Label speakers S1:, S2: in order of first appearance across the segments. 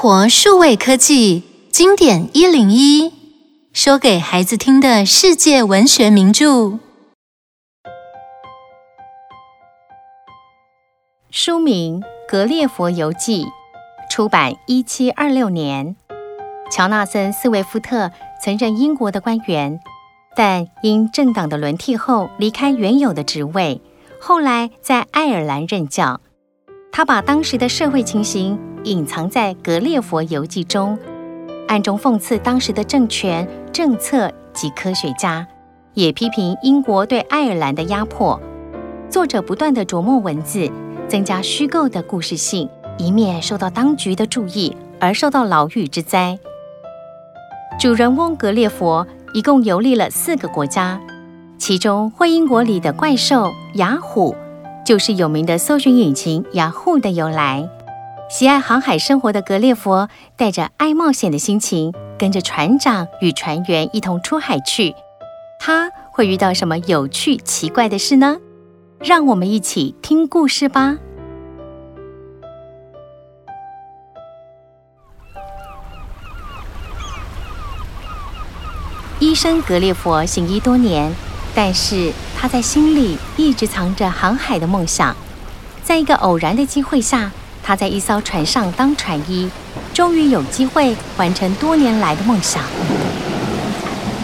S1: 活數位科技經典一零一，說給孩子聽的世界文學名著。書名《格列佛遊記》，出版一七二六年。喬納森·斯威夫特曾任英國的官員，但因政黨的輪替後離開原有的職位，後來在愛爾蘭任教。他把當時的社會情形隱藏在《格列佛遊記》中，暗中諷刺當時的政權、政策及科學家，也批評英國對愛爾蘭的壓迫。作者不斷地琢磨文字，增加虛構的故事性，以免受到當局的注意而受到牢獄之災。主人翁格列佛一共遊歷了四個國家，其中慧駰國裡的怪獸雅虎。就是有名的搜索引擎 Yahoo 的由來。喜愛航海生活的格列佛，帶着愛冒險的心情，跟着船長與船員一同出海去。他會遇到什麼有趣奇怪的事呢？讓我們一起聽故事吧。醫生格列佛行醫多年。但是他在心裡一直藏着航海的夢想，在一個偶然的機會下，他在一艘船上當船醫，終於有機會完成多年來的夢想。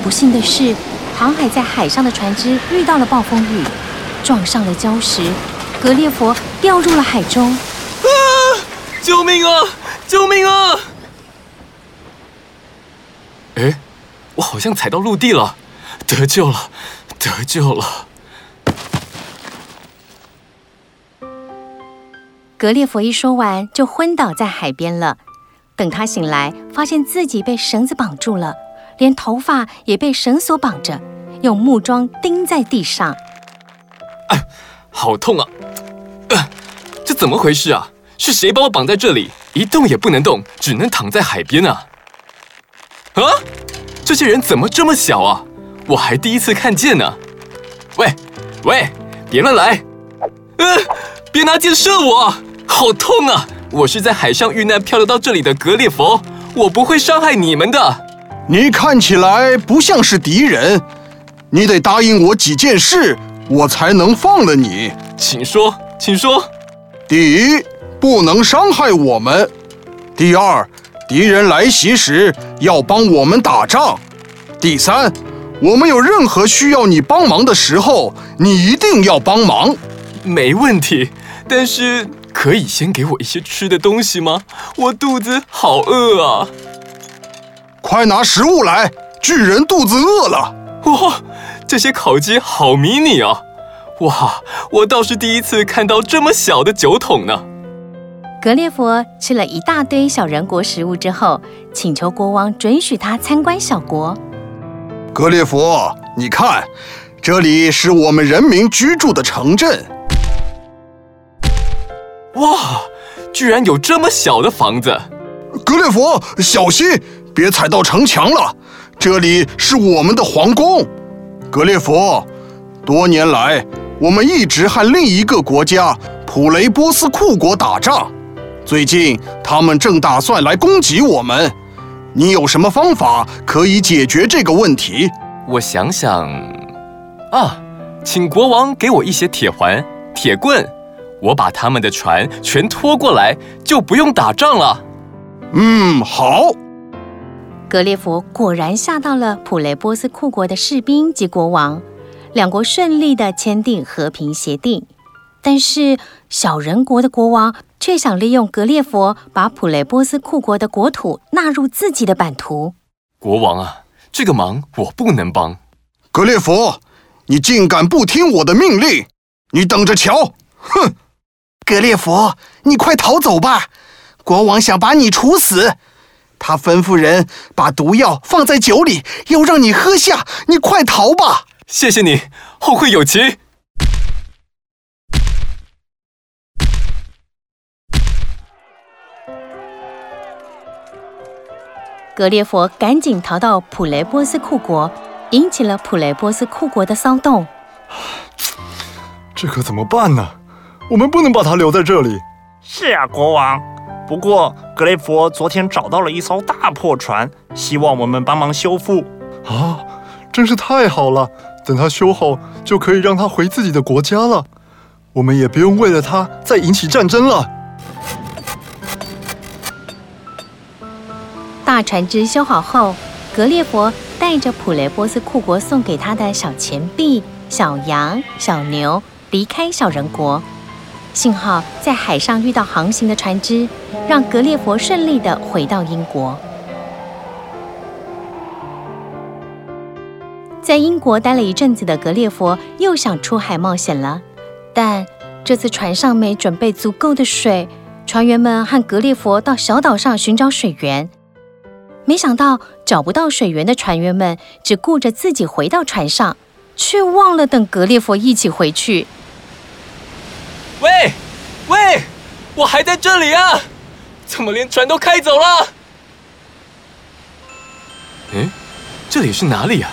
S1: 不幸的是，航海在海上的船只遇到了暴風雨，撞上了礁石，格列佛掉入了海中。啊！
S2: 救命啊！救命啊！哎，我好像踩到陸地了，得救了。得救了！
S1: 格列佛一說完就昏倒在海邊了。等他醒來，發現自己被繩子綁住了，連頭髮也被繩索綁着，用木樁釘在地上。哎、
S2: 啊，好痛啊！啊，這怎麼回事啊？是誰把我綁在這裡，一動也不能動，只能躺在海邊啊。啊，這些人怎麼這麼小啊？我還第一次看見呢，喂，喂，別亂來！嗯、呃，別拿箭射我，好痛啊！我是在海上遇難漂流到這裡的格列佛，我不會傷害你們的。
S3: 你看起來不像是敵人，你得答應我幾件事，我才能放了你。請說，請說。第一，不能傷害我們；第二，敵人來襲時要幫我們打仗；第三。我們有任何需要你幫忙的時候，你一定要幫忙。
S2: 沒問題。但是可以先給我一些吃的東西嗎？我肚子好餓啊！快拿食物來，巨人肚子餓了。哇，這些烤雞好迷你啊。哇，我倒是第一次看到這麼小的酒桶呢。
S1: 格列佛吃了一大堆小人國食物之後，請求國王准許他參觀小國。
S3: 格列佛，你看，這裡是我們人民居住的城鎮。哇，居然有這麼小的房子！格列佛，小心，別踩到城牆了。這裡是我們的皇宮。格列佛，多年來我們一直和另一個國家普雷波斯庫國打仗，最近他們正打算來攻擊我們。你有什麼方法可以解決這個問題？我想想
S2: 啊，請國王給我一些鐵環、鐵棍，我把他們的船全拖過來，就不用打仗了。嗯，
S1: 好。格列佛果然嚇到了普雷波斯庫國的士兵及國王，兩國順利地簽訂和平協定。但是小人國的國王。卻想利用格列佛把普雷波斯庫國的國土納入自己的版圖。
S3: 國王啊，這個忙我不能幫。格列佛，你竟敢不聽我的命令！你等着瞧，哼！格列佛，你快逃走吧！國王想把你處死，他吩咐人把毒藥放在酒裡，要讓你喝下。你快逃吧！
S2: 謝謝你，後會有期。
S1: 格列佛趕緊逃到普雷波斯庫國，引起了普雷波斯庫國的騷動。啊，
S4: 這可怎麼辦呢？我們不能把他留在這裡。是啊，國王。不過格列佛昨天找到了一艘大破船，希望我們幫忙修復。啊，真是太好了！等他修好，就可以讓他回自己的國家了。我們也不用為了他再引起戰爭了。
S1: 把船隻修好後，格列佛帶着普雷波斯庫國送給他的小錢幣、小羊、小牛離開小人國。幸好在海上遇到航行的船隻，讓格列佛順利的回到英國。在英國待了一陣子的格列佛又想出海冒險了，但這次船上沒準備足夠的水，船員們和格列佛到小島上尋找水源。沒想到找不到水源的船員們只顧着自己回到船上，卻忘了等格列佛一起回去。
S2: 喂，喂，我還在這裡啊！怎麼連船都開走了？誒，這裡是哪裡呀？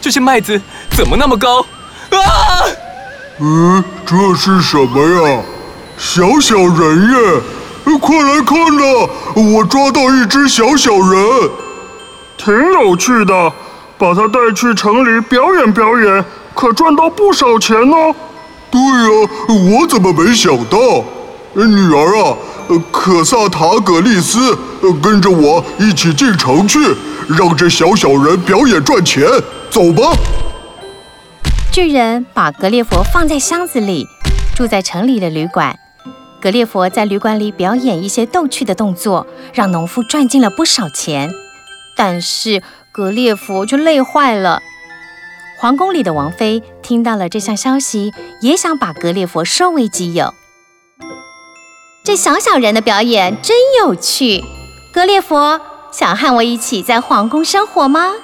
S2: 這些麥子怎麼那麼高？
S3: 啊！嗯，這是什麼呀？小小人耶！快來看吶、啊！我抓到一隻小小人，挺有趣的。把它帶去城裡表演表演，可賺到不少錢呢、哦。對呀、啊，我怎麼沒想到？女兒啊，呃，可薩塔格利斯，呃，跟着我一起進城去，讓這小小人表演賺錢。走吧。
S1: 巨人把格列佛放在箱子裡，住在城裡的旅館。格列佛在旅館裡表演一些逗趣的動作，讓農夫賺進了不少錢，但是格列佛就累壞了。皇宮裡的王妃聽到了這項消息，也想把格列佛收為己有。這小小人的表演真有趣，格列佛想和我一起在皇宮生活嗎？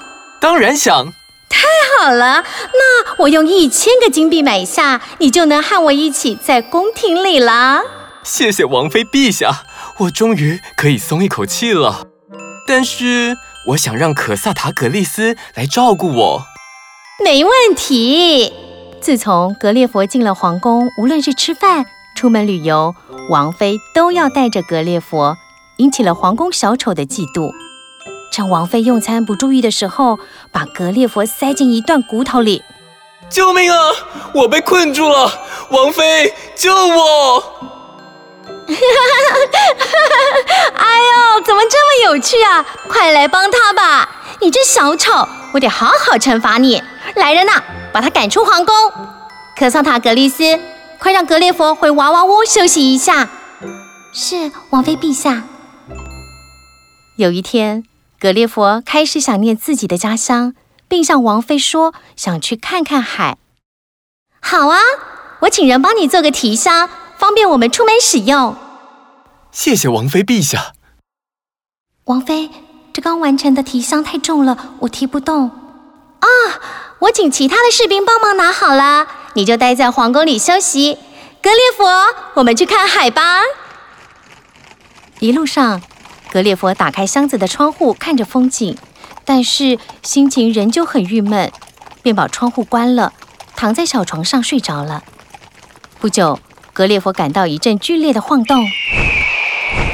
S1: 當然想。太好了，那我用一千個金幣買下，你就能和我一起在宮廷裡了。
S2: 謝謝王妃陛下，我終於可以鬆一口氣了。但是，我想讓可薩塔格利斯來照顧我。
S1: 沒問題。自從格列佛進了皇宮，無論是吃飯、出門旅遊，王妃都要帶着格列佛，引起了皇宮小丑的嫉妒。趁王妃用餐不注意的時候，把格列佛塞進一段骨頭裡。
S2: 救命啊！我被困住了，
S1: 王妃救我！有趣啊！快來幫他吧！你這小丑，我得好好懲罰你！來人吶、啊，把他趕出皇宮！克桑塔格麗斯，快讓格列佛回娃娃屋休息一下。是，王妃陛下。有一天，格列佛開始想念自己的家鄉，並向王妃說想去看看海。好啊，我請人幫你做個提箱，方便我們出門使用。
S2: 謝謝王妃陛
S1: 下。王妃，這剛完成的提箱太重了，我提不動。啊，我請其他的士兵幫忙拿好了，你就待在皇宮裡休息。格列佛，我們去看海吧。一路上，格列佛打開箱子的窗戶看着風景，但是心情仍舊很鬱悶，便把窗戶關了，躺在小床上睡着了。不久，格列佛感到一陣劇烈的晃動。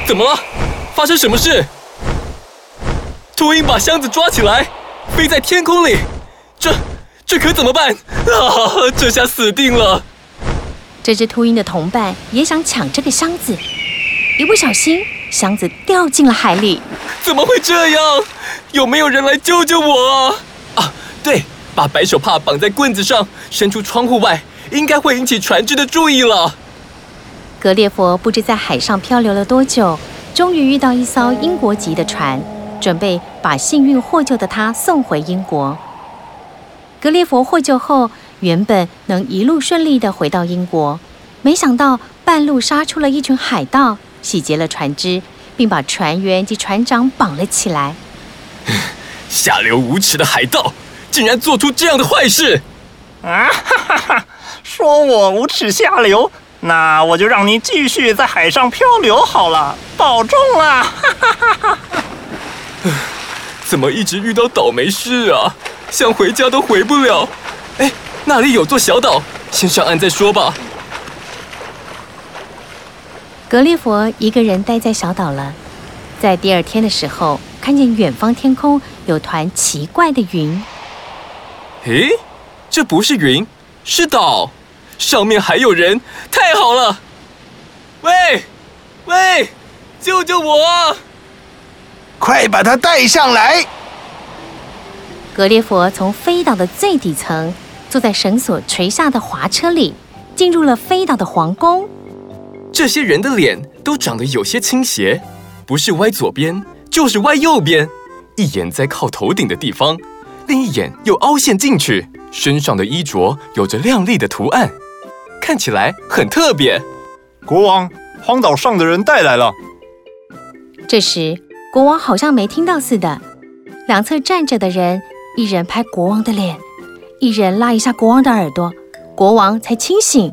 S2: 怎麼了？發生什麼事？禿鷹把箱子抓起來，飛在天空裡，這這可怎麼辦啊？這下死定了！
S1: 這隻禿鷹的同伴也想搶這個箱子，一不小心箱子掉進了海裡。
S2: 怎麼會這樣？有沒有人來救救我啊？啊，對，把白手帕綁在棍子上，伸出窗戶外，應該會引起船隻的注意了。
S1: 格列佛不知在海上漂流了多久，終於遇到一艘英國籍的船。準備把幸運獲救的他送回英國。格列佛獲救後，原本能一路順利地回到英國，沒想到半路殺出了一群海盜，洗劫了船隻，並把船員及船長綁了起來。
S2: 下流無恥的海盜，竟然做出這樣的壞事！啊哈哈，
S1: 說我無
S4: 恥下流，那我就讓你繼續在海上漂流好了，保重啊！
S2: 哈哈哈哈。怎麼一直遇到倒霉事啊？想回家都回不了。哎，那裡有座小島，先上岸再說吧。
S1: 格列佛一個人待在小島了，在第二天的時候，看見遠方天空有團奇怪的雲。
S2: 哎，這不是雲，是島，上面還有人，太好了！喂，喂，救救我！
S3: 快把他帶上來！
S1: 格列佛從飛島的最底層坐在繩索垂下的滑車裡，進入了飛島的皇宮。
S2: 這些人的臉都長得有些傾斜，不是歪左邊就是歪右邊，一眼在靠頭頂的地方，另一眼又凹陷進去。身上的衣着有着亮麗的圖案，看起來很特別。國王，荒島上的人帶來了。
S1: 這時。國王好像沒聽到似的，兩側站着的人，一人拍國王的臉，一人拉一下國王的耳朵，國王才清醒。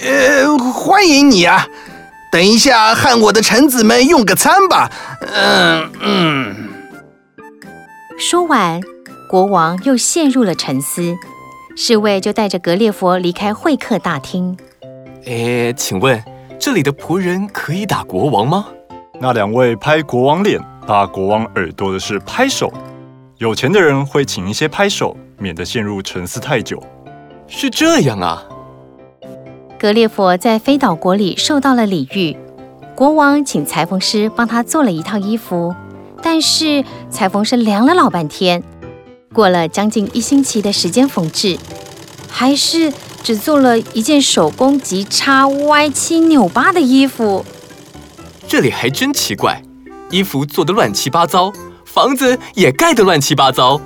S3: 呃，歡迎你啊！等一下，和我的臣子們用個餐吧。嗯嗯。
S1: 說完，國王又陷入了沉思。侍衛就帶着格列佛離開會客大廳。
S2: 呃，請問，這裡的僕人可以打國王嗎？
S4: 那兩位拍國王臉、扒國王耳朵的是拍手，有錢的人會請一些拍手，免得陷入沉思太久。是這樣啊。
S1: 格列佛在飛島國裡受到了禮遇，國王請裁縫師幫他做了一套衣服，但是裁縫師量了老半天，過了將近一星期的時間縫製，還是只做了一件手工極差、歪七扭八的衣服。
S2: 這裡還真奇怪，衣服做得亂七八糟，房子也蓋得亂七八糟，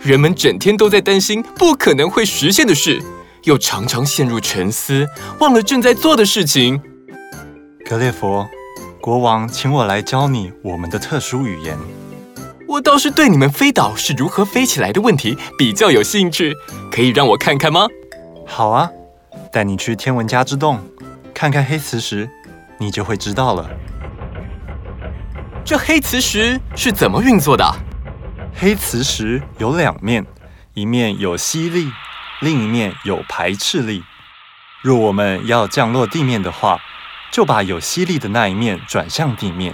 S2: 人們整天都在擔心不可能會實現的事，又常常陷入沉思，忘了正在做的事情。格列佛，國王請我來教你我們的特殊語言。我倒是對你們飛島是如何飛起來的問題比較有興趣，可以讓我看看嗎？好啊，帶你
S4: 去天文家之洞，看看黑磁石，你就會知道了。這黑磁石是怎麼運作的？黑磁石有兩面，一面有吸力，另一面有排斥力。若我們要降落地面的話，就把有吸力的那一面轉向地面；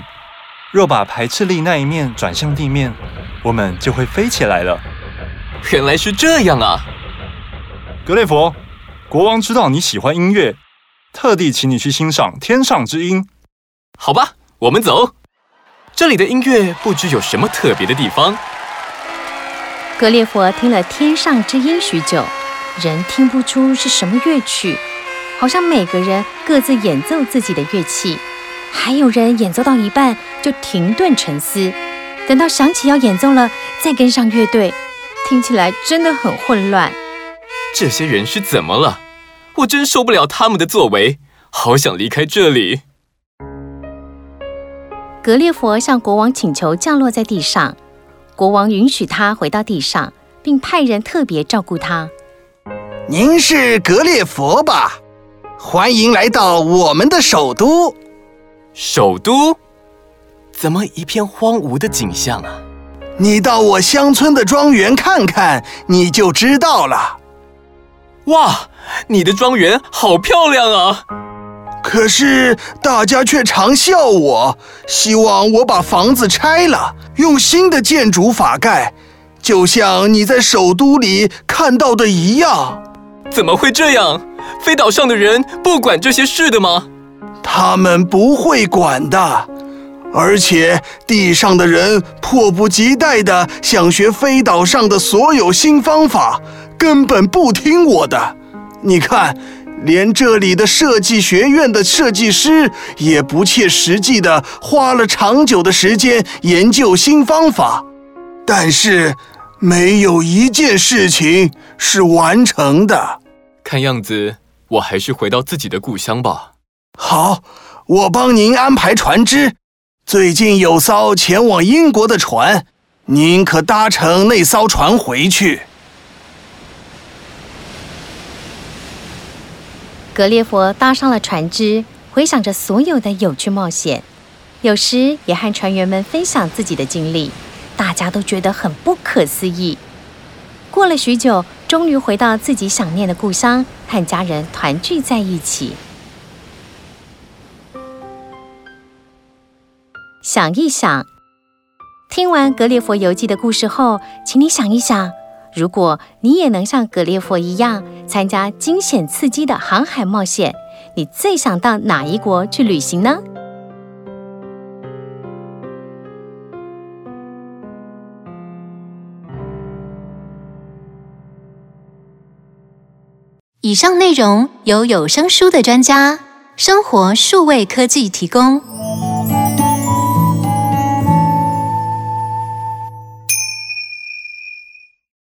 S4: 若把排斥力那一面轉向地面，我們就會飛起來了。原來是這樣啊！格列佛，國王知道你喜歡音樂，特地請你去欣賞天上之音。好吧，我們走。
S2: 這裡的音樂不知有什麼特別的地方。
S1: 格列佛聽了天上之音許久，仍聽不出是什麼樂曲，好像每個人各自演奏自己的樂器，還有人演奏到一半就停頓沉思，等到想起要演奏了再跟上樂隊，聽起來真的很混亂。
S2: 這些人是怎麼了？我真受不了他們的作為，好想離開這裡。
S1: 格列佛向國王請求降落在地上，國王允許他回到地上，並派人特別照顧他。
S3: 您是格列佛吧？歡迎來到我們的首都。首都？怎麼一片荒蕪的景象啊？你到我鄉村的莊園看看，你就知道了。哇，你的莊園好漂亮啊！可是大家卻常笑我，希望我把房子拆了，用新的建築法蓋，就像你在首都裡看到的一樣。
S2: 怎麼會這樣？飛島上的人不管這些事的嗎？
S3: 他們不會管的。而且地上的人迫不及待地想學飛島上的所有新方法，根本不聽我的。你看。連這裡的設計學院的設計師也不切實際地花了長久的時間研究新方法，但是沒有一件事情是完成的。
S2: 看樣子，我還是回到自己的故鄉吧。
S3: 好，我幫您安排船隻。最近有艘前往英國的船，您可搭乘那艘船回去。
S1: 格列佛搭上了船隻，回想着所有的有趣冒險，有時也和船員們分享自己的經歷，大家都覺得很不可思議。過了許久，終於回到自己想念的故鄉，和家人團聚在一起。想一想，聽完《格列佛遊記》的故事後，請你想一想。如果你也能像格列佛一樣參加驚險刺激的航海冒險，你最想到哪一國去旅行呢？以上內容由有聲書的專家聲活數位科技提供。